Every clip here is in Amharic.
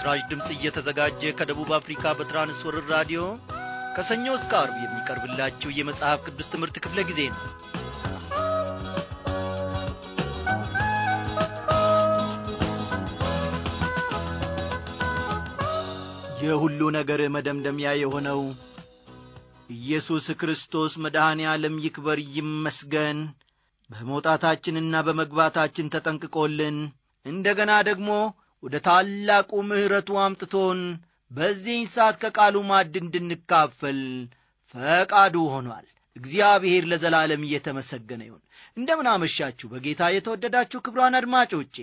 ለምስራች ድምፅ እየተዘጋጀ ከደቡብ አፍሪካ በትራንስወርር ራዲዮ ከሰኞ እስከ አርብ የሚቀርብላችሁ የመጽሐፍ ቅዱስ ትምህርት ክፍለ ጊዜ ነው። የሁሉ ነገር መደምደሚያ የሆነው ኢየሱስ ክርስቶስ መድኃኔ ዓለም ይክበር ይመስገን። በመውጣታችንና በመግባታችን ተጠንቅቆልን እንደገና ደግሞ ወደ ታላቁ ምሕረቱ አምጥቶን በዚህን ሰዓት ከቃሉ ማድ እንድንካፈል ፈቃዱ ሆኗል። እግዚአብሔር ለዘላለም እየተመሰገነ ይሁን። እንደምን አመሻችሁ በጌታ የተወደዳችሁ ክብሯን አድማጮቼ።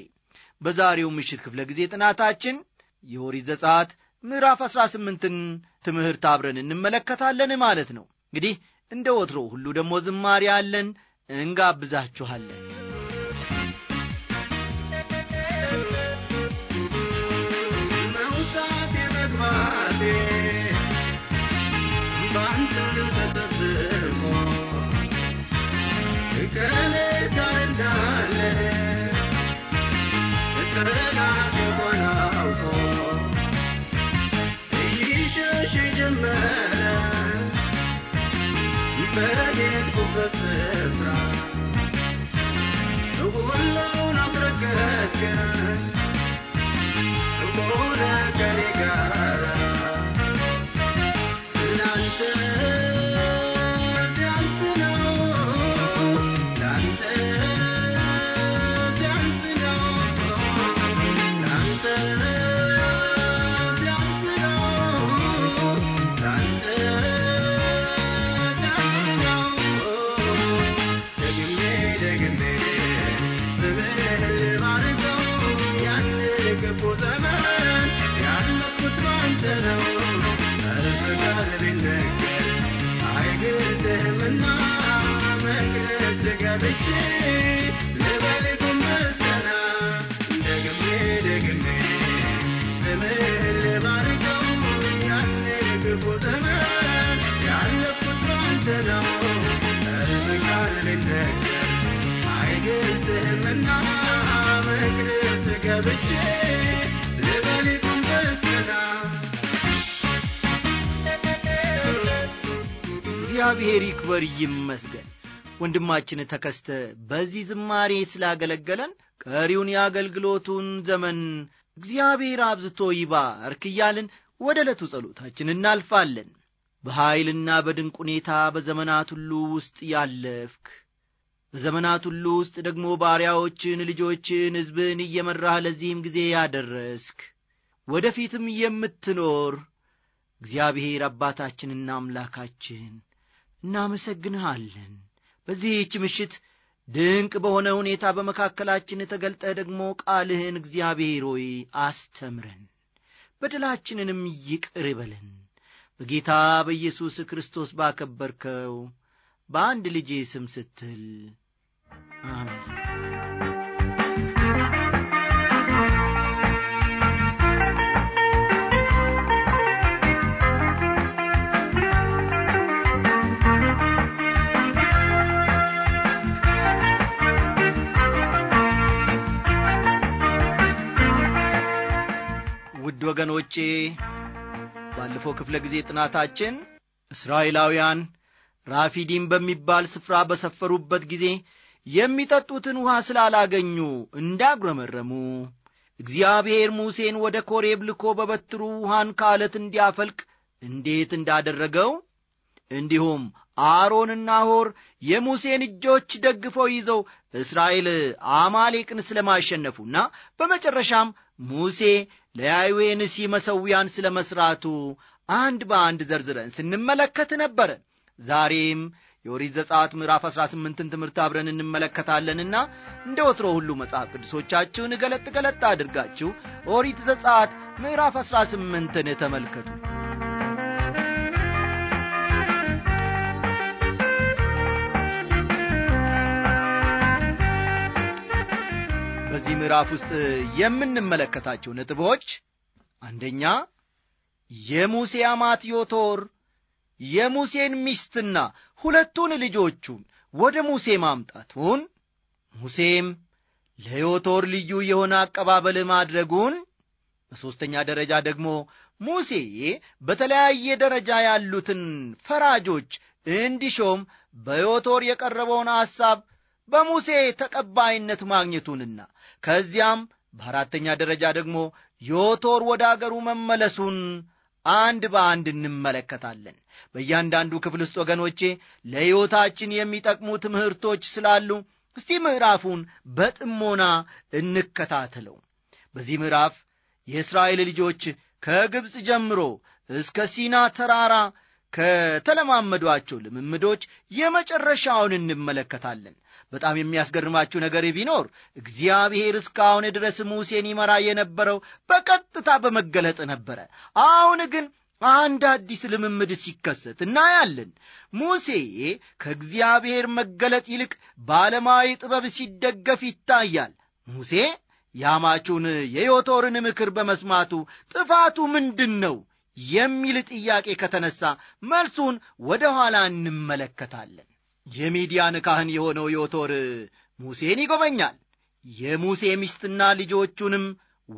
በዛሬው ምሽት ክፍለ ጊዜ ጥናታችን የወሪ ዘጻት ምዕራፍ አሥራ ስምንትን ትምህርት አብረን እንመለከታለን ማለት ነው። እንግዲህ እንደ ወትሮ ሁሉ ደግሞ ዝማሬ አለን፣ እንጋብዛችኋለን። በሄድኩበት ስፍራ ሁሉን አስረገጥከኝ እግዚአብሔር ይክበር ይመስገን። ወንድማችን ተከስተ በዚህ ዝማሬ ስላገለገለን ቀሪውን የአገልግሎቱን ዘመን እግዚአብሔር አብዝቶ ይባርክ እያልን ወደ ዕለቱ ጸሎታችን እናልፋለን። በኀይልና በድንቅ ሁኔታ በዘመናት ሁሉ ውስጥ ያለፍክ በዘመናት ሁሉ ውስጥ ደግሞ ባሪያዎችን፣ ልጆችን፣ ሕዝብን እየመራህ ለዚህም ጊዜ ያደረስክ ወደፊትም የምትኖር እግዚአብሔር አባታችንና አምላካችን እናመሰግንሃለን። በዚህች ምሽት ድንቅ በሆነ ሁኔታ በመካከላችን ተገልጠህ ደግሞ ቃልህን እግዚአብሔር ሆይ አስተምረን፣ በደላችንንም ይቅር በለን በጌታ በኢየሱስ ክርስቶስ ባከበርከው በአንድ ልጄ ስም ስትል አሜን። ባለፈው ክፍለ ጊዜ ጥናታችን እስራኤላውያን ራፊዲም በሚባል ስፍራ በሰፈሩበት ጊዜ የሚጠጡትን ውሃ ስላላገኙ እንዳጉረመረሙ እግዚአብሔር ሙሴን ወደ ኮሬብ ልኮ በበትሩ ውሃን ካለት እንዲያፈልቅ እንዴት እንዳደረገው እንዲሁም አሮንና ሆር የሙሴን እጆች ደግፈው ይዘው እስራኤል አማሌቅን ስለማሸነፉና በመጨረሻም ሙሴ ለያይዌን ሲ መሠዊያን ስለ መሥራቱ አንድ በአንድ ዘርዝረን ስንመለከት ነበረ። ዛሬም የኦሪት ዘጻት ምዕራፍ ዐሥራ ስምንትን ትምህርት አብረን እንመለከታለንና እንደ ወትሮ ሁሉ መጽሐፍ ቅዱሶቻችሁን ገለጥ ገለጥ አድርጋችሁ ኦሪት ዘጻት ምዕራፍ 18 ስምንትን ተመልከቱ። ምዕራፍ ውስጥ የምንመለከታቸው ነጥቦች አንደኛ የሙሴ አማት ዮቶር የሙሴን ሚስትና ሁለቱን ልጆቹን ወደ ሙሴ ማምጣቱን ሙሴም ለዮቶር ልዩ የሆነ አቀባበል ማድረጉን በሦስተኛ ደረጃ ደግሞ ሙሴ በተለያየ ደረጃ ያሉትን ፈራጆች እንዲሾም በዮቶር የቀረበውን ሐሳብ በሙሴ ተቀባይነት ማግኘቱንና ከዚያም በአራተኛ ደረጃ ደግሞ ዮቶር ወደ አገሩ መመለሱን አንድ በአንድ እንመለከታለን። በእያንዳንዱ ክፍል ውስጥ ወገኖቼ ለሕይወታችን የሚጠቅሙ ትምህርቶች ስላሉ እስቲ ምዕራፉን በጥሞና እንከታተለው። በዚህ ምዕራፍ የእስራኤል ልጆች ከግብፅ ጀምሮ እስከ ሲና ተራራ ከተለማመዷቸው ልምምዶች የመጨረሻውን እንመለከታለን። በጣም የሚያስገርማችሁ ነገር ቢኖር እግዚአብሔር እስካሁን ድረስ ሙሴን ይመራ የነበረው በቀጥታ በመገለጥ ነበረ። አሁን ግን አንድ አዲስ ልምምድ ሲከሰት እናያለን። ሙሴ ከእግዚአብሔር መገለጥ ይልቅ በዓለማዊ ጥበብ ሲደገፍ ይታያል። ሙሴ ያማቹን የዮቶርን ምክር በመስማቱ ጥፋቱ ምንድን ነው የሚል ጥያቄ ከተነሳ መልሱን ወደ ኋላ እንመለከታለን። የሚዲያን ካህን የሆነው ዮቶር ሙሴን ይጎበኛል። የሙሴ ሚስትና ልጆቹንም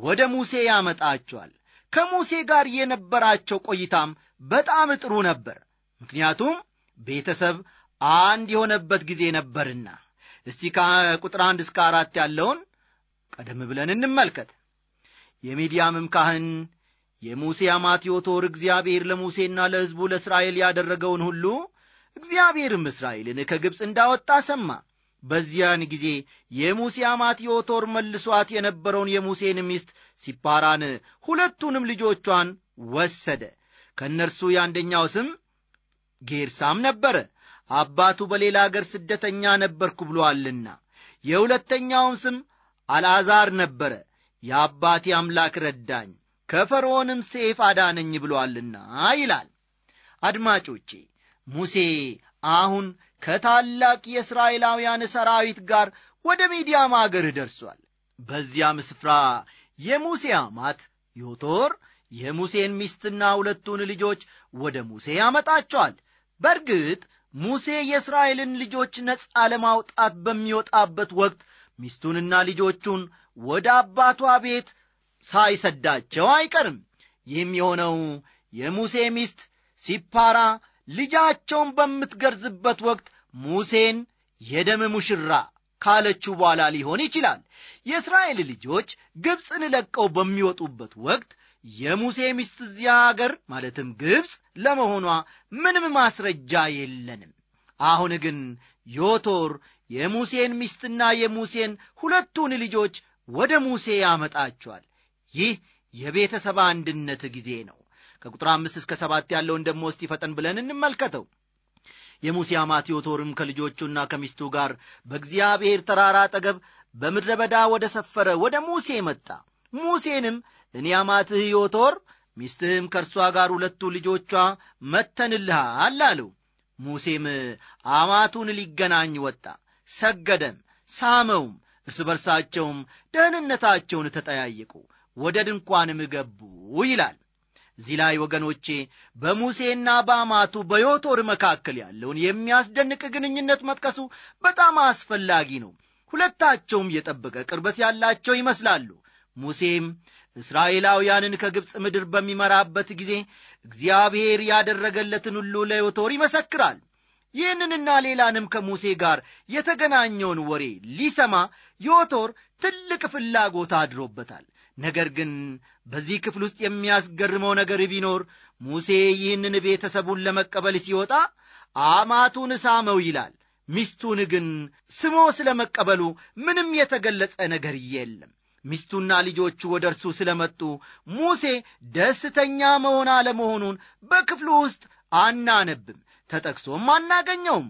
ወደ ሙሴ ያመጣቸዋል። ከሙሴ ጋር የነበራቸው ቆይታም በጣም ጥሩ ነበር፣ ምክንያቱም ቤተሰብ አንድ የሆነበት ጊዜ ነበርና። እስቲ ከቁጥር አንድ እስከ አራት ያለውን ቀደም ብለን እንመልከት። የሚዲያምም ካህን የሙሴ አማት ዮቶር እግዚአብሔር ለሙሴና ለሕዝቡ ለእስራኤል ያደረገውን ሁሉ እግዚአብሔርም እስራኤልን ከግብፅ እንዳወጣ ሰማ። በዚያን ጊዜ የሙሴ አማት ዮቶር መልሷት የነበረውን የሙሴን ሚስት ሲፓራን ሁለቱንም ልጆቿን ወሰደ። ከእነርሱ የአንደኛው ስም ጌርሳም ነበረ፣ አባቱ በሌላ አገር ስደተኛ ነበርኩ ብሎአልና። የሁለተኛውም ስም አልዓዛር ነበረ፣ የአባቴ አምላክ ረዳኝ፣ ከፈርዖንም ሴፍ አዳነኝ ብሎአልና ይላል። አድማጮቼ ሙሴ አሁን ከታላቅ የእስራኤላውያን ሰራዊት ጋር ወደ ሚዲያም አገር ደርሷል። በዚያም ስፍራ የሙሴ አማት ዮቶር የሙሴን ሚስትና ሁለቱን ልጆች ወደ ሙሴ ያመጣቸዋል። በእርግጥ ሙሴ የእስራኤልን ልጆች ነፃ ለማውጣት በሚወጣበት ወቅት ሚስቱንና ልጆቹን ወደ አባቷ ቤት ሳይሰዳቸው አይቀርም። ይህም የሆነው የሙሴ ሚስት ሲፓራ ልጃቸውን በምትገርዝበት ወቅት ሙሴን የደም ሙሽራ ካለችው በኋላ ሊሆን ይችላል። የእስራኤል ልጆች ግብፅን ለቀው በሚወጡበት ወቅት የሙሴ ሚስት እዚያ አገር ማለትም ግብፅ ለመሆኗ ምንም ማስረጃ የለንም። አሁን ግን ዮቶር የሙሴን ሚስትና የሙሴን ሁለቱን ልጆች ወደ ሙሴ ያመጣቸዋል። ይህ የቤተሰብ አንድነት ጊዜ ነው። ከቁጥር አምስት እስከ ሰባት ያለውን ደግሞ እስቲ ፈጠን ብለን እንመልከተው የሙሴ አማት ዮቶርም ከልጆቹና ከሚስቱ ጋር በእግዚአብሔር ተራራ አጠገብ በምድረ በዳ ወደ ሰፈረ ወደ ሙሴ መጣ ሙሴንም እኔ አማትህ ዮቶር ሚስትህም ከእርሷ ጋር ሁለቱ ልጆቿ መተንልሃል አለው ሙሴም አማቱን ሊገናኝ ወጣ ሰገደም ሳመውም እርስ በርሳቸውም ደህንነታቸውን ተጠያየቁ ወደ ድንኳንም ገቡ ይላል እዚህ ላይ ወገኖቼ በሙሴና በአማቱ በዮቶር መካከል ያለውን የሚያስደንቅ ግንኙነት መጥቀሱ በጣም አስፈላጊ ነው። ሁለታቸውም የጠበቀ ቅርበት ያላቸው ይመስላሉ። ሙሴም እስራኤላውያንን ከግብፅ ምድር በሚመራበት ጊዜ እግዚአብሔር ያደረገለትን ሁሉ ለዮቶር ይመሰክራል። ይህንንና ሌላንም ከሙሴ ጋር የተገናኘውን ወሬ ሊሰማ ዮቶር ትልቅ ፍላጎት አድሮበታል። ነገር ግን በዚህ ክፍል ውስጥ የሚያስገርመው ነገር ቢኖር ሙሴ ይህንን ቤተሰቡን ለመቀበል ሲወጣ አማቱን ሳመው ይላል። ሚስቱን ግን ስሞ ስለ መቀበሉ ምንም የተገለጸ ነገር የለም። ሚስቱና ልጆቹ ወደ እርሱ ስለ መጡ ሙሴ ደስተኛ መሆን አለመሆኑን በክፍሉ ውስጥ አናነብም፣ ተጠቅሶም አናገኘውም።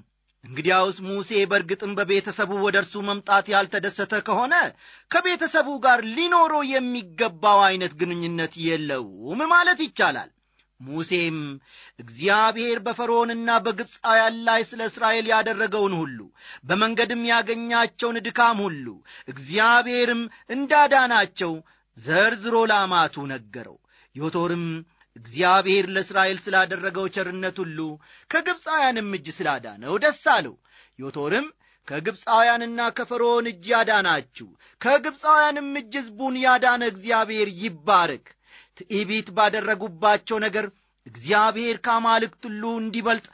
እንግዲያውስ ሙሴ በእርግጥም በቤተሰቡ ወደ እርሱ መምጣት ያልተደሰተ ከሆነ ከቤተሰቡ ጋር ሊኖረው የሚገባው አይነት ግንኙነት የለውም ማለት ይቻላል። ሙሴም እግዚአብሔር በፈርዖንና በግብፃውያን ላይ ስለ እስራኤል ያደረገውን ሁሉ በመንገድም ያገኛቸውን ድካም ሁሉ እግዚአብሔርም እንዳዳናቸው ዘርዝሮ ላማቱ ነገረው። ዮቶርም እግዚአብሔር ለእስራኤል ስላደረገው ቸርነት ሁሉ ከግብፃውያንም እጅ ስላዳነው ደስ አለው። ዮቶርም ከግብፃውያንና ከፈርዖን እጅ ያዳናችሁ ከግብፃውያንም እጅ ሕዝቡን ያዳነ እግዚአብሔር ይባረክ። ትዕቢት ባደረጉባቸው ነገር እግዚአብሔር ከአማልክት ሁሉ እንዲበልጥ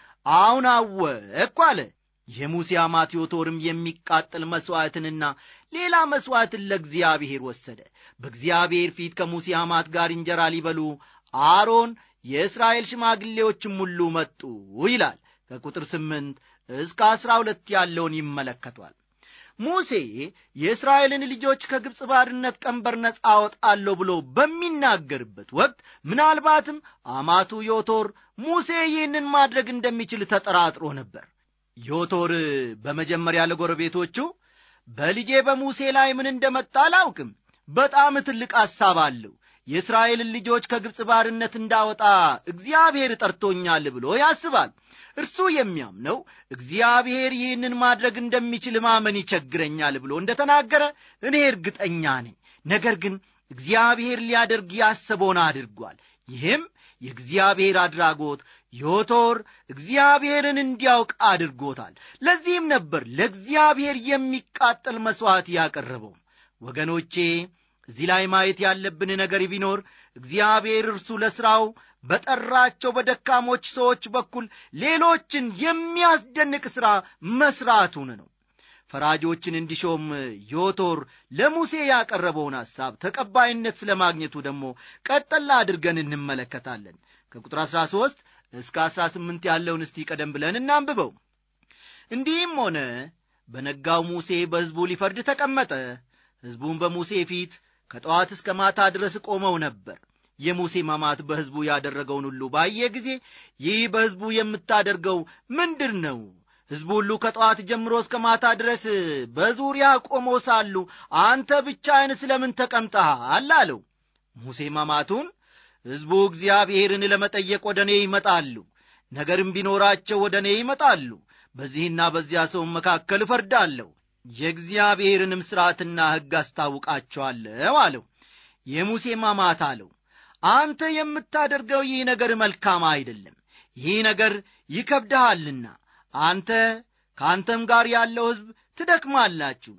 አሁን አወቅኩ አለ። የሙሴ አማት ዮቶርም የሚቃጠል መሥዋዕትንና ሌላ መሥዋዕትን ለእግዚአብሔር ወሰደ። በእግዚአብሔር ፊት ከሙሴ አማት ጋር እንጀራ ሊበሉ አሮን የእስራኤል ሽማግሌዎችም ሁሉ መጡ ይላል። ከቁጥር ስምንት እስከ አስራ ሁለት ያለውን ይመለከቷል። ሙሴ የእስራኤልን ልጆች ከግብፅ ባርነት ቀንበር ነጻ አወጣለሁ ብሎ በሚናገርበት ወቅት ምናልባትም አማቱ ዮቶር ሙሴ ይህንን ማድረግ እንደሚችል ተጠራጥሮ ነበር። ዮቶር በመጀመሪያ ለጎረቤቶቹ በልጄ በሙሴ ላይ ምን እንደመጣ አላውቅም፣ በጣም ትልቅ ሐሳብ አለው የእስራኤልን ልጆች ከግብፅ ባርነት እንዳወጣ እግዚአብሔር ጠርቶኛል ብሎ ያስባል። እርሱ የሚያምነው እግዚአብሔር ይህንን ማድረግ እንደሚችል ማመን ይቸግረኛል ብሎ እንደተናገረ እኔ እርግጠኛ ነኝ። ነገር ግን እግዚአብሔር ሊያደርግ ያሰበውን አድርጓል። ይህም የእግዚአብሔር አድራጎት ዮቶር እግዚአብሔርን እንዲያውቅ አድርጎታል። ለዚህም ነበር ለእግዚአብሔር የሚቃጠል መሥዋዕት ያቀረበው። ወገኖቼ እዚህ ላይ ማየት ያለብን ነገር ቢኖር እግዚአብሔር እርሱ ለሥራው በጠራቸው በደካሞች ሰዎች በኩል ሌሎችን የሚያስደንቅ ሥራ መሥራቱን ነው። ፈራጆችን እንዲሾም ዮቶር ለሙሴ ያቀረበውን ሐሳብ ተቀባይነት ስለ ማግኘቱ ደግሞ ቀጠላ አድርገን እንመለከታለን። ከቁጥር 13 እስከ 18 ያለውን እስቲ ቀደም ብለን እናንብበው። እንዲህም ሆነ፣ በነጋው ሙሴ በሕዝቡ ሊፈርድ ተቀመጠ። ሕዝቡም በሙሴ ፊት ከጠዋት እስከ ማታ ድረስ ቆመው ነበር። የሙሴ ማማት በሕዝቡ ያደረገውን ሁሉ ባየ ጊዜ ይህ በሕዝቡ የምታደርገው ምንድር ነው? ሕዝቡ ሁሉ ከጠዋት ጀምሮ እስከ ማታ ድረስ በዙሪያ ቆመው ሳሉ አንተ ብቻህን ስለምን ተቀምጠሃል? አለው። ሙሴ ማማቱን ሕዝቡ እግዚአብሔርን ለመጠየቅ ወደ እኔ ይመጣሉ፣ ነገርም ቢኖራቸው ወደ እኔ ይመጣሉ፣ በዚህና በዚያ ሰው መካከል እፈርዳለሁ የእግዚአብሔርንም ሥርዓትና ሕግ አስታውቃቸዋለሁ አለው። የሙሴ ማማት አለው፣ አንተ የምታደርገው ይህ ነገር መልካም አይደለም፣ ይህ ነገር ይከብድሃልና አንተ ከአንተም ጋር ያለው ሕዝብ ትደክማላችሁ፣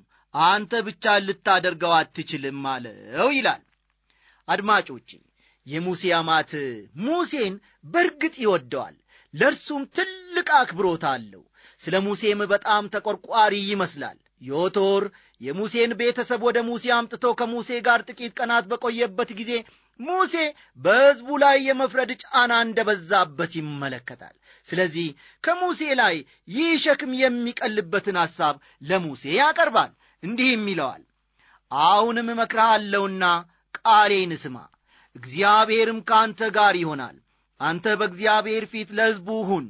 አንተ ብቻ ልታደርገው አትችልም አለው ይላል። አድማጮቼ የሙሴ አማት ሙሴን በእርግጥ ይወደዋል፣ ለእርሱም ትልቅ አክብሮት አለው። ስለ ሙሴም በጣም ተቆርቋሪ ይመስላል። ዮቶር የሙሴን ቤተሰብ ወደ ሙሴ አምጥቶ ከሙሴ ጋር ጥቂት ቀናት በቆየበት ጊዜ ሙሴ በሕዝቡ ላይ የመፍረድ ጫና እንደበዛበት ይመለከታል። ስለዚህ ከሙሴ ላይ ይህ ሸክም የሚቀልበትን ሐሳብ ለሙሴ ያቀርባል። እንዲህም ይለዋል፣ አሁንም እመክርሃለሁና ቃሌን ስማ፣ እግዚአብሔርም ከአንተ ጋር ይሆናል። አንተ በእግዚአብሔር ፊት ለሕዝቡ ሁን፣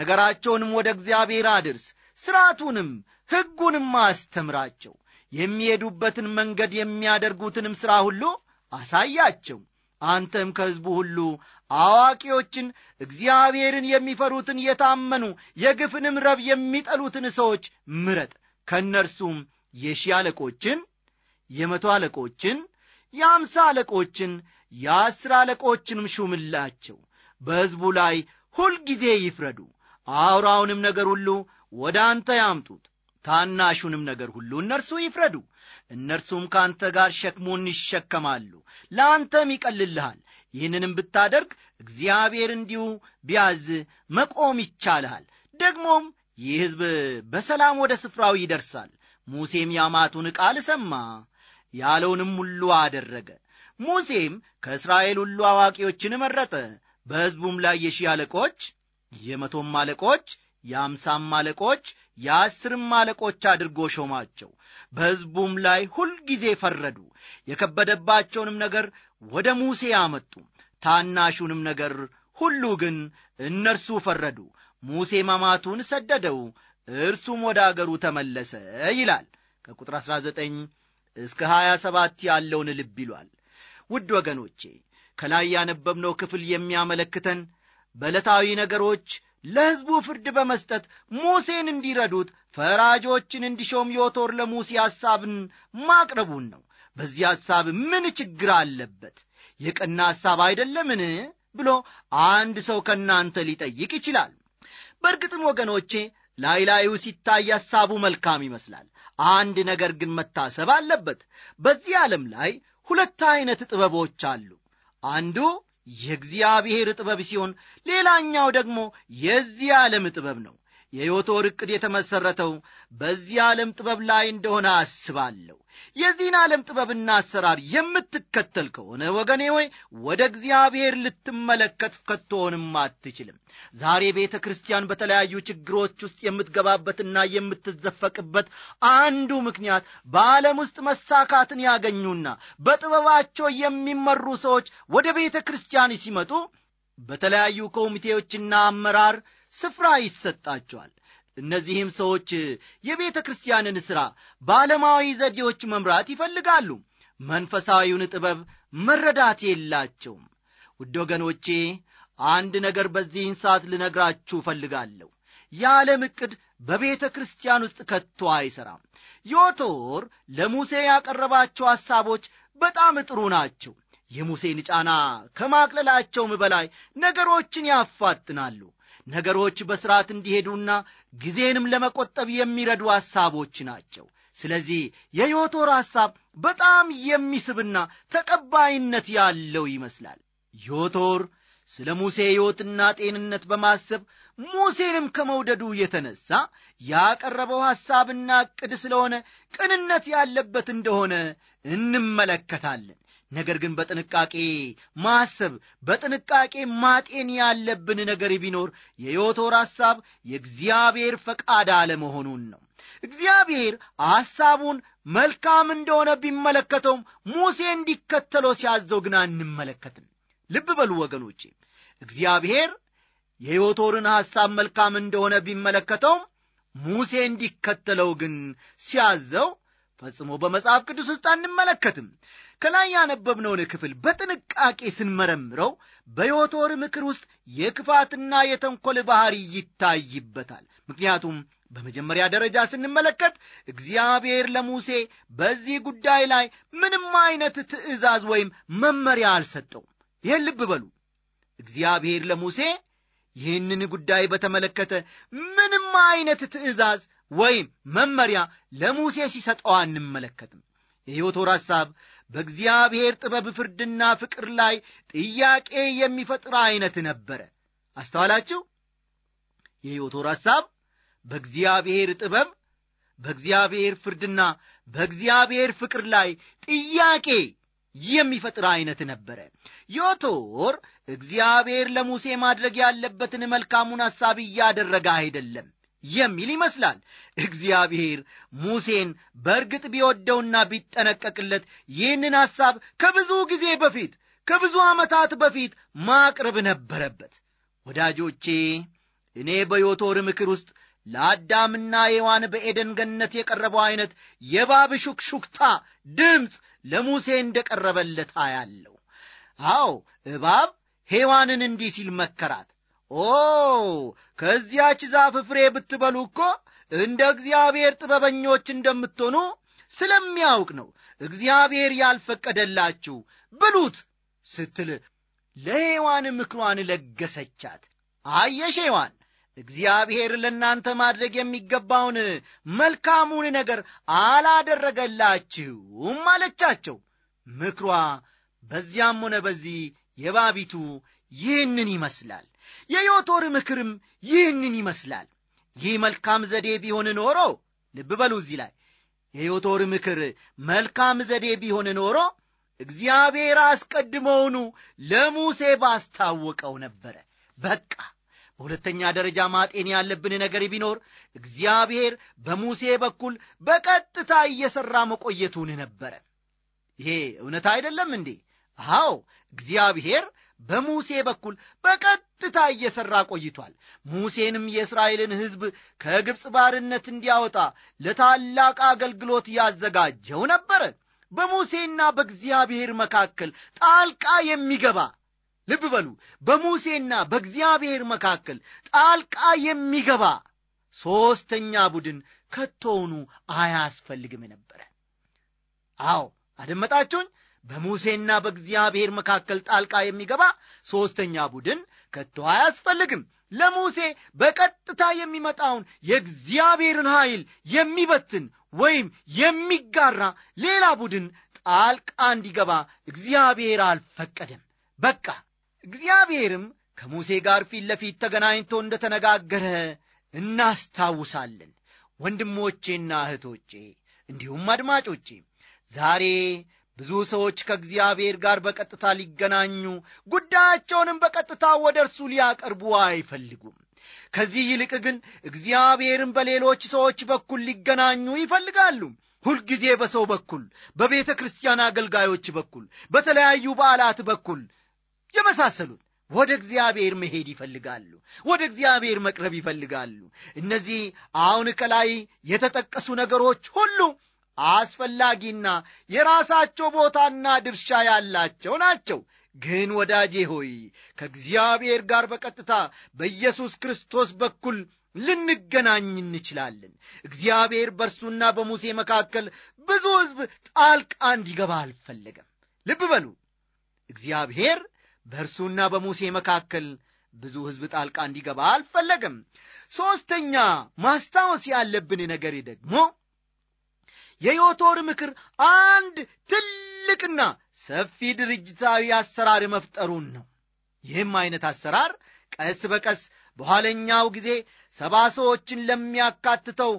ነገራቸውንም ወደ እግዚአብሔር አድርስ፣ ሥርዓቱንም ሕጉንም አስተምራቸው፣ የሚሄዱበትን መንገድ የሚያደርጉትንም ሥራ ሁሉ አሳያቸው። አንተም ከሕዝቡ ሁሉ አዋቂዎችን፣ እግዚአብሔርን የሚፈሩትን፣ የታመኑ የግፍንም ረብ የሚጠሉትን ሰዎች ምረጥ። ከእነርሱም የሺ አለቆችን፣ የመቶ አለቆችን፣ የአምሳ አለቆችን፣ የአሥር አለቆችንም ሹምላቸው። በሕዝቡ ላይ ሁልጊዜ ይፍረዱ። አውራውንም ነገር ሁሉ ወደ አንተ ያምጡት። ታናሹንም ነገር ሁሉ እነርሱ ይፍረዱ። እነርሱም ከአንተ ጋር ሸክሙን ይሸከማሉ፣ ለአንተም ይቀልልሃል። ይህንንም ብታደርግ እግዚአብሔር እንዲሁ ቢያዝ መቆም ይቻልሃል። ደግሞም ይህ ሕዝብ በሰላም ወደ ስፍራው ይደርሳል። ሙሴም ያማቱን ቃል ሰማ፣ ያለውንም ሁሉ አደረገ። ሙሴም ከእስራኤል ሁሉ አዋቂዎችን መረጠ። በሕዝቡም ላይ የሺህ አለቆች፣ የመቶም አለቆች፣ የአምሳም አለቆች የአስርም አለቆች አድርጎ ሾማቸው። በሕዝቡም ላይ ሁልጊዜ ፈረዱ። የከበደባቸውንም ነገር ወደ ሙሴ አመጡ። ታናሹንም ነገር ሁሉ ግን እነርሱ ፈረዱ። ሙሴ ማማቱን ሰደደው፣ እርሱም ወደ አገሩ ተመለሰ ይላል። ከቁጥር 19 እስከ 27 ያለውን ልብ ይሏል። ውድ ወገኖቼ ከላይ ያነበብነው ክፍል የሚያመለክተን በዕለታዊ ነገሮች ለሕዝቡ ፍርድ በመስጠት ሙሴን እንዲረዱት ፈራጆችን እንዲሾም ዮቶር ለሙሴ ሐሳብን ማቅረቡን ነው። በዚህ ሐሳብ ምን ችግር አለበት? የቀና ሐሳብ አይደለምን? ብሎ አንድ ሰው ከእናንተ ሊጠይቅ ይችላል። በእርግጥም ወገኖቼ ላይ ላዩ ሲታይ ሐሳቡ መልካም ይመስላል። አንድ ነገር ግን መታሰብ አለበት። በዚህ ዓለም ላይ ሁለት ዐይነት ጥበቦች አሉ። አንዱ የእግዚአብሔር ጥበብ ሲሆን ሌላኛው ደግሞ የዚህ ዓለም ጥበብ ነው የሕይወት ርቅድ የተመሠረተው በዚህ ዓለም ጥበብ ላይ እንደሆነ አስባለሁ። የዚህን ዓለም ጥበብና አሰራር የምትከተል ከሆነ ወገኔ ሆይ ወደ እግዚአብሔር ልትመለከት ከቶሆንም አትችልም። ዛሬ ቤተ ክርስቲያን በተለያዩ ችግሮች ውስጥ የምትገባበትና የምትዘፈቅበት አንዱ ምክንያት በዓለም ውስጥ መሳካትን ያገኙና በጥበባቸው የሚመሩ ሰዎች ወደ ቤተ ክርስቲያን ሲመጡ በተለያዩ ኮሚቴዎችና አመራር ስፍራ ይሰጣቸዋል። እነዚህም ሰዎች የቤተ ክርስቲያንን ሥራ በዓለማዊ ዘዴዎች መምራት ይፈልጋሉ። መንፈሳዊውን ጥበብ መረዳት የላቸውም። ውድ ወገኖቼ አንድ ነገር በዚህን ሰዓት ልነግራችሁ እፈልጋለሁ። የዓለም ዕቅድ በቤተ ክርስቲያን ውስጥ ከቶ አይሠራም። ዮቶር ለሙሴ ያቀረባቸው ሐሳቦች በጣም ጥሩ ናቸው። የሙሴን ጫና ከማቅለላቸውም በላይ ነገሮችን ያፋጥናሉ። ነገሮች በሥርዓት እንዲሄዱና ጊዜንም ለመቆጠብ የሚረዱ ሐሳቦች ናቸው። ስለዚህ የዮቶር ሐሳብ በጣም የሚስብና ተቀባይነት ያለው ይመስላል። ዮቶር ስለ ሙሴ ሕይወትና ጤንነት በማሰብ ሙሴንም ከመውደዱ የተነሳ ያቀረበው ሐሳብና ዕቅድ ስለሆነ ቅንነት ያለበት እንደሆነ እንመለከታለን። ነገር ግን በጥንቃቄ ማሰብ በጥንቃቄ ማጤን ያለብን ነገር ቢኖር የዮቶር ሐሳብ የእግዚአብሔር ፈቃድ አለመሆኑን ነው። እግዚአብሔር ሐሳቡን መልካም እንደሆነ ቢመለከተውም ሙሴ እንዲከተለው ሲያዘው ግን አንመለከትም። ልብ በሉ ወገኖቼ፣ እግዚአብሔር የዮቶርን ሐሳብ መልካም እንደሆነ ቢመለከተውም ሙሴ እንዲከተለው ግን ሲያዘው ፈጽሞ በመጽሐፍ ቅዱስ ውስጥ አንመለከትም። ከላይ ያነበብነውን ክፍል በጥንቃቄ ስንመረምረው በዮቶር ምክር ውስጥ የክፋትና የተንኮል ባህሪ ይታይበታል። ምክንያቱም በመጀመሪያ ደረጃ ስንመለከት እግዚአብሔር ለሙሴ በዚህ ጉዳይ ላይ ምንም አይነት ትእዛዝ ወይም መመሪያ አልሰጠውም። ይህን ልብ በሉ። እግዚአብሔር ለሙሴ ይህንን ጉዳይ በተመለከተ ምንም አይነት ትእዛዝ ወይም መመሪያ ለሙሴ ሲሰጠው አንመለከትም። የዮቶር ሐሳብ በእግዚአብሔር ጥበብ ፍርድና ፍቅር ላይ ጥያቄ የሚፈጥር ዐይነት ነበረ አስተዋላችሁ የዮቶር ሐሳብ በእግዚአብሔር ጥበብ በእግዚአብሔር ፍርድና በእግዚአብሔር ፍቅር ላይ ጥያቄ የሚፈጥር ዐይነት ነበረ ዮቶር እግዚአብሔር ለሙሴ ማድረግ ያለበትን መልካሙን ሐሳብ እያደረገ አይደለም የሚል ይመስላል። እግዚአብሔር ሙሴን በእርግጥ ቢወደውና ቢጠነቀቅለት ይህንን ሐሳብ ከብዙ ጊዜ በፊት ከብዙ ዓመታት በፊት ማቅረብ ነበረበት። ወዳጆቼ እኔ በዮቶር ምክር ውስጥ ለአዳምና ሔዋን በኤደን ገነት የቀረበው ዐይነት የእባብ ሹክሹክታ ድምፅ ለሙሴ እንደ ቀረበለት አያለሁ። አዎ እባብ ሔዋንን እንዲህ ሲል መከራት ኦ ከዚያች ዛፍ ፍሬ ብትበሉ እኮ እንደ እግዚአብሔር ጥበበኞች እንደምትሆኑ ስለሚያውቅ ነው እግዚአብሔር ያልፈቀደላችሁ ብሉት ስትል ለሔዋን ምክሯን ለገሰቻት። አየሽ ሔዋን እግዚአብሔር ለእናንተ ማድረግ የሚገባውን መልካሙን ነገር አላደረገላችሁም አለቻቸው። ምክሯ በዚያም ሆነ በዚህ የባቢቱ ይህንን ይመስላል። የዮቶር ምክርም ይህንን ይመስላል። ይህ መልካም ዘዴ ቢሆን ኖሮ ልብ በሉ እዚህ ላይ የዮቶር ምክር መልካም ዘዴ ቢሆን ኖሮ እግዚአብሔር አስቀድሞውኑ ለሙሴ ባስታወቀው ነበረ። በቃ በሁለተኛ ደረጃ ማጤን ያለብን ነገር ቢኖር እግዚአብሔር በሙሴ በኩል በቀጥታ እየሠራ መቆየቱን ነበረ። ይሄ እውነት አይደለም እንዴ? አዎ፣ እግዚአብሔር በሙሴ በኩል በቀጥታ እየሠራ ቆይቷል። ሙሴንም የእስራኤልን ሕዝብ ከግብፅ ባርነት እንዲያወጣ ለታላቅ አገልግሎት ያዘጋጀው ነበረ። በሙሴና በእግዚአብሔር መካከል ጣልቃ የሚገባ ልብ በሉ፣ በሙሴና በእግዚአብሔር መካከል ጣልቃ የሚገባ ሦስተኛ ቡድን ከቶውኑ አያስፈልግም ነበረ። አዎ አደመጣችሁኝ? በሙሴና በእግዚአብሔር መካከል ጣልቃ የሚገባ ሦስተኛ ቡድን ከቶ አያስፈልግም። ለሙሴ በቀጥታ የሚመጣውን የእግዚአብሔርን ኃይል የሚበትን ወይም የሚጋራ ሌላ ቡድን ጣልቃ እንዲገባ እግዚአብሔር አልፈቀደም። በቃ እግዚአብሔርም ከሙሴ ጋር ፊት ለፊት ተገናኝቶ እንደ ተነጋገረ እናስታውሳለን። ወንድሞቼና እህቶቼ እንዲሁም አድማጮቼ ዛሬ ብዙ ሰዎች ከእግዚአብሔር ጋር በቀጥታ ሊገናኙ ጉዳያቸውንም በቀጥታ ወደ እርሱ ሊያቀርቡ አይፈልጉም። ከዚህ ይልቅ ግን እግዚአብሔርን በሌሎች ሰዎች በኩል ሊገናኙ ይፈልጋሉ። ሁልጊዜ በሰው በኩል፣ በቤተ ክርስቲያን አገልጋዮች በኩል፣ በተለያዩ በዓላት በኩል የመሳሰሉት ወደ እግዚአብሔር መሄድ ይፈልጋሉ። ወደ እግዚአብሔር መቅረብ ይፈልጋሉ። እነዚህ አሁን ከላይ የተጠቀሱ ነገሮች ሁሉ አስፈላጊና የራሳቸው ቦታና ድርሻ ያላቸው ናቸው። ግን ወዳጄ ሆይ ከእግዚአብሔር ጋር በቀጥታ በኢየሱስ ክርስቶስ በኩል ልንገናኝ እንችላለን። እግዚአብሔር በእርሱና በሙሴ መካከል ብዙ ሕዝብ ጣልቃ እንዲገባ አልፈለገም። ልብ በሉ፣ እግዚአብሔር በእርሱና በሙሴ መካከል ብዙ ሕዝብ ጣልቃ እንዲገባ አልፈለገም። ሦስተኛ ማስታወስ ያለብን ነገር ደግሞ የዮቶር ምክር አንድ ትልቅና ሰፊ ድርጅታዊ አሰራር መፍጠሩን ነው። ይህም አይነት አሰራር ቀስ በቀስ በኋለኛው ጊዜ ሰባ ሰዎችን ለሚያካትተው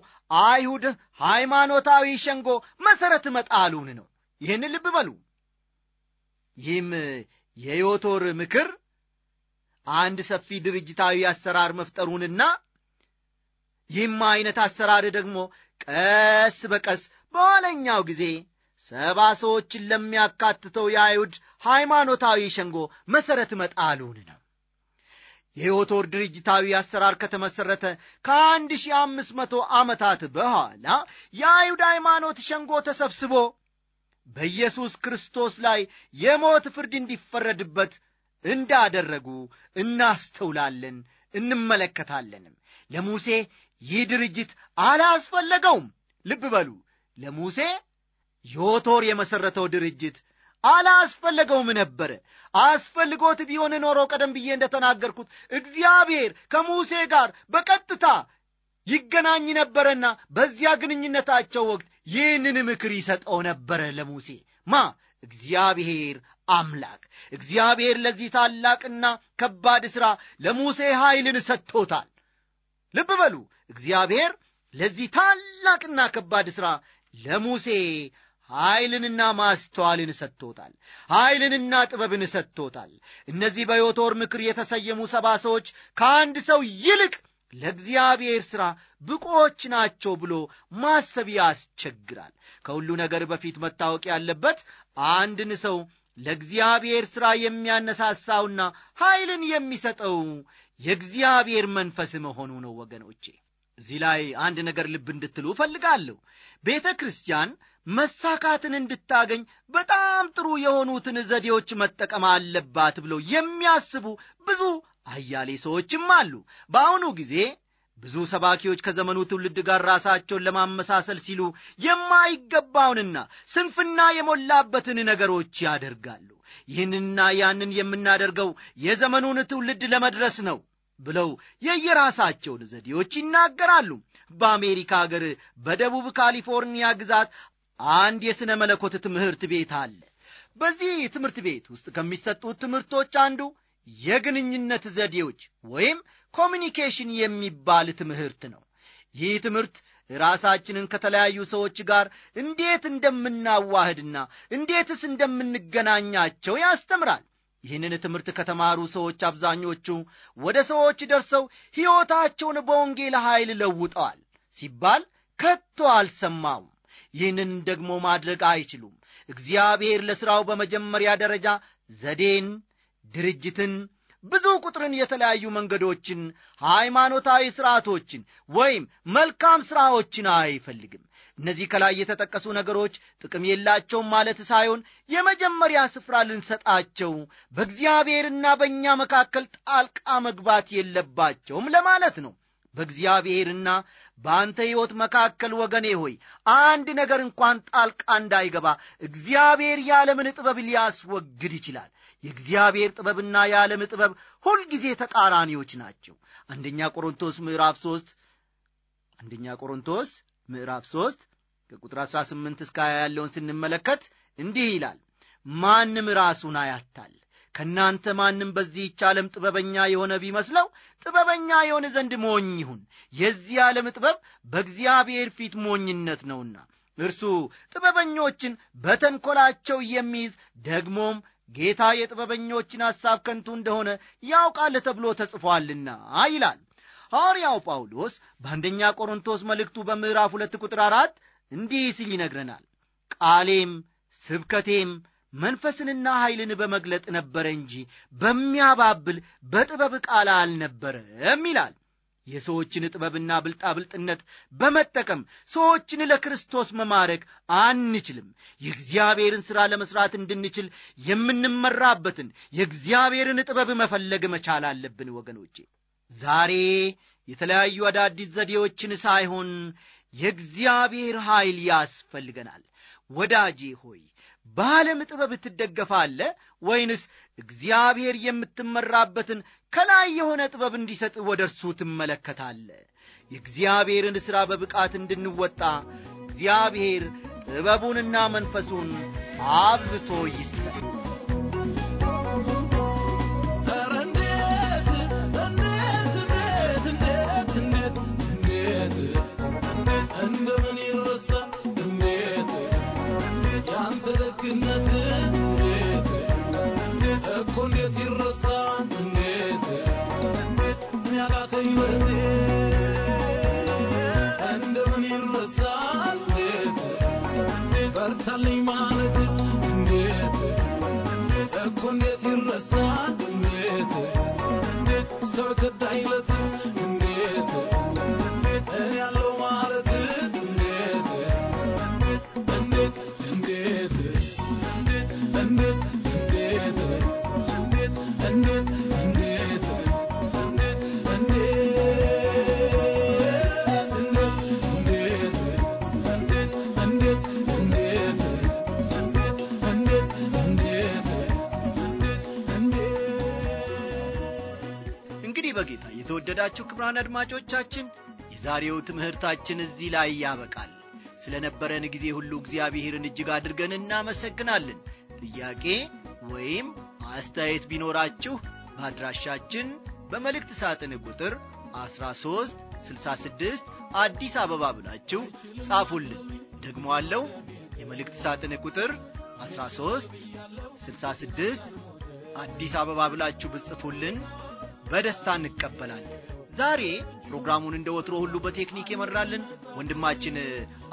አይሁድ ሃይማኖታዊ ሸንጎ መሠረት መጣሉን ነው። ይህን ልብ በሉ። ይህም የዮቶር ምክር አንድ ሰፊ ድርጅታዊ አሰራር መፍጠሩንና ይህም አይነት አሰራር ደግሞ ቀስ በቀስ በኋለኛው ጊዜ ሰባ ሰዎችን ለሚያካትተው የአይሁድ ሃይማኖታዊ ሸንጎ መሠረት መጣሉን ነው። የዮቶር ድርጅታዊ አሰራር ከተመሠረተ ከአንድ ሺህ አምስት መቶ ዓመታት በኋላ የአይሁድ ሃይማኖት ሸንጎ ተሰብስቦ በኢየሱስ ክርስቶስ ላይ የሞት ፍርድ እንዲፈረድበት እንዳደረጉ እናስተውላለን፣ እንመለከታለንም። ለሙሴ ይህ ድርጅት አላስፈለገውም። ልብ በሉ ለሙሴ ዮቶር የመሠረተው ድርጅት አላስፈለገውም ነበረ። አስፈልጎት ቢሆን ኖሮ ቀደም ብዬ እንደተናገርኩት እግዚአብሔር ከሙሴ ጋር በቀጥታ ይገናኝ ነበረና በዚያ ግንኙነታቸው ወቅት ይህንን ምክር ይሰጠው ነበረ ለሙሴ ማ እግዚአብሔር አምላክ። እግዚአብሔር ለዚህ ታላቅና ከባድ ሥራ ለሙሴ ኃይልን ሰጥቶታል። ልብ በሉ፣ እግዚአብሔር ለዚህ ታላቅና ከባድ ሥራ ለሙሴ ኃይልንና ማስተዋልን ሰጥቶታል። ኃይልንና ጥበብን ሰጥቶታል። እነዚህ በዮቶር ምክር የተሰየሙ ሰባ ሰዎች ከአንድ ሰው ይልቅ ለእግዚአብሔር ሥራ ብቁዎች ናቸው ብሎ ማሰብ ያስቸግራል። ከሁሉ ነገር በፊት መታወቅ ያለበት አንድን ሰው ለእግዚአብሔር ሥራ የሚያነሳሳውና ኃይልን የሚሰጠው የእግዚአብሔር መንፈስ መሆኑ ነው። ወገኖቼ እዚህ ላይ አንድ ነገር ልብ እንድትሉ እፈልጋለሁ። ቤተ ክርስቲያን መሳካትን እንድታገኝ በጣም ጥሩ የሆኑትን ዘዴዎች መጠቀም አለባት ብለው የሚያስቡ ብዙ አያሌ ሰዎችም አሉ። በአሁኑ ጊዜ ብዙ ሰባኪዎች ከዘመኑ ትውልድ ጋር ራሳቸውን ለማመሳሰል ሲሉ የማይገባውንና ስንፍና የሞላበትን ነገሮች ያደርጋሉ። ይህንና ያንን የምናደርገው የዘመኑን ትውልድ ለመድረስ ነው። ብለው የየራሳቸውን ዘዴዎች ይናገራሉ። በአሜሪካ አገር በደቡብ ካሊፎርኒያ ግዛት አንድ የሥነ መለኮት ትምህርት ቤት አለ። በዚህ ትምህርት ቤት ውስጥ ከሚሰጡት ትምህርቶች አንዱ የግንኙነት ዘዴዎች ወይም ኮሚኒኬሽን የሚባል ትምህርት ነው። ይህ ትምህርት ራሳችንን ከተለያዩ ሰዎች ጋር እንዴት እንደምናዋህድና እንዴትስ እንደምንገናኛቸው ያስተምራል። ይህንን ትምህርት ከተማሩ ሰዎች አብዛኞቹ ወደ ሰዎች ደርሰው ሕይወታቸውን በወንጌል ኃይል ለውጠዋል ሲባል ከቶ አልሰማውም። ይህንን ደግሞ ማድረግ አይችሉም። እግዚአብሔር ለሥራው በመጀመሪያ ደረጃ ዘዴን፣ ድርጅትን፣ ብዙ ቁጥርን፣ የተለያዩ መንገዶችን፣ ሃይማኖታዊ ሥርዓቶችን ወይም መልካም ሥራዎችን አይፈልግም። እነዚህ ከላይ የተጠቀሱ ነገሮች ጥቅም የላቸውም ማለት ሳይሆን የመጀመሪያ ስፍራ ልንሰጣቸው፣ በእግዚአብሔርና በእኛ መካከል ጣልቃ መግባት የለባቸውም ለማለት ነው። በእግዚአብሔርና በአንተ ሕይወት መካከል ወገኔ ሆይ አንድ ነገር እንኳን ጣልቃ እንዳይገባ እግዚአብሔር የዓለምን ጥበብ ሊያስወግድ ይችላል። የእግዚአብሔር ጥበብና የዓለም ጥበብ ሁልጊዜ ተቃራኒዎች ናቸው። አንደኛ ቆሮንቶስ ምዕራፍ 3 አንደኛ ቆሮንቶስ ምዕራፍ 3 ከቁጥር 18 እስከ 20 ያለውን ስንመለከት እንዲህ ይላል ማንም ራሱን አያታል ከእናንተ ማንም በዚህች ዓለም ጥበበኛ የሆነ ቢመስለው ጥበበኛ የሆነ ዘንድ ሞኝ ይሁን የዚህ ዓለም ጥበብ በእግዚአብሔር ፊት ሞኝነት ነውና እርሱ ጥበበኞችን በተንኰላቸው የሚይዝ ደግሞም ጌታ የጥበበኞችን ሐሳብ ከንቱ እንደሆነ ያውቃል ተብሎ ተጽፏልና ይላል ሐዋርያው ጳውሎስ በአንደኛ ቆሮንቶስ መልእክቱ በምዕራፍ ሁለት ቁጥር አራት እንዲህ ሲል ይነግረናል። ቃሌም ስብከቴም መንፈስንና ኃይልን በመግለጥ ነበረ እንጂ በሚያባብል በጥበብ ቃል አልነበረም ይላል። የሰዎችን ጥበብና ብልጣብልጥነት በመጠቀም ሰዎችን ለክርስቶስ መማረክ አንችልም። የእግዚአብሔርን ሥራ ለመሥራት እንድንችል የምንመራበትን የእግዚአብሔርን ጥበብ መፈለግ መቻል አለብን ወገኖቼ። ዛሬ የተለያዩ አዳዲስ ዘዴዎችን ሳይሆን የእግዚአብሔር ኃይል ያስፈልገናል። ወዳጄ ሆይ በዓለም ጥበብ ትደገፋለ ወይንስ እግዚአብሔር የምትመራበትን ከላይ የሆነ ጥበብ እንዲሰጥ ወደ እርሱ ትመለከታለ? የእግዚአብሔርን ሥራ በብቃት እንድንወጣ እግዚአብሔር ጥበቡንና መንፈሱን አብዝቶ ይስጠል ሕይወቴ እንደምን ይረሳል እኮ እንዴት ይረሳል ክቡራን አድማጮቻችን የዛሬው ትምህርታችን እዚህ ላይ ያበቃል ስለ ነበረን ጊዜ ሁሉ እግዚአብሔርን እጅግ አድርገን እናመሰግናለን ጥያቄ ወይም አስተያየት ቢኖራችሁ በአድራሻችን በመልእክት ሳጥን ቁጥር 13 66 አዲስ አበባ ብላችሁ ጻፉልን ደግሞ አለው የመልእክት ሳጥን ቁጥር 13 66 አዲስ አበባ ብላችሁ ብጽፉልን በደስታ እንቀበላለን ዛሬ ፕሮግራሙን እንደ ወትሮ ሁሉ በቴክኒክ የመራልን ወንድማችን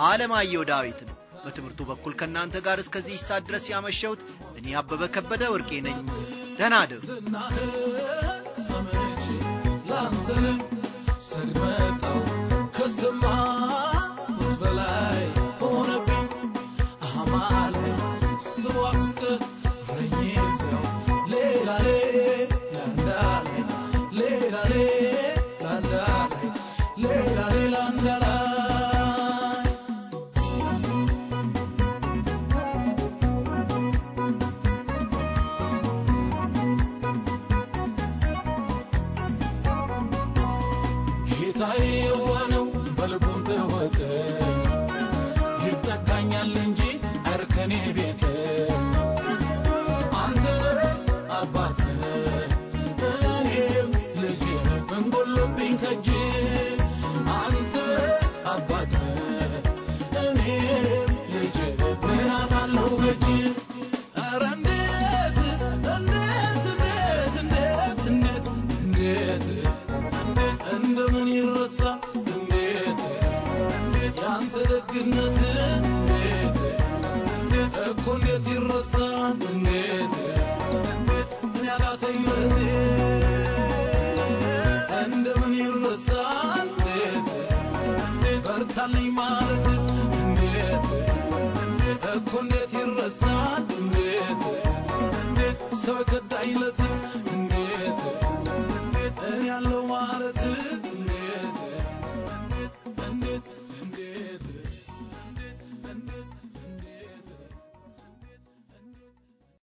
አለማየሁ ዳዊት ነው በትምህርቱ በኩል ከእናንተ ጋር እስከዚህ ሳት ድረስ ያመሸሁት እኔ አበበ ከበደ ወርቄ ነኝ ደናደር ሰመች ላንተ ሰግመጣው ከሰማ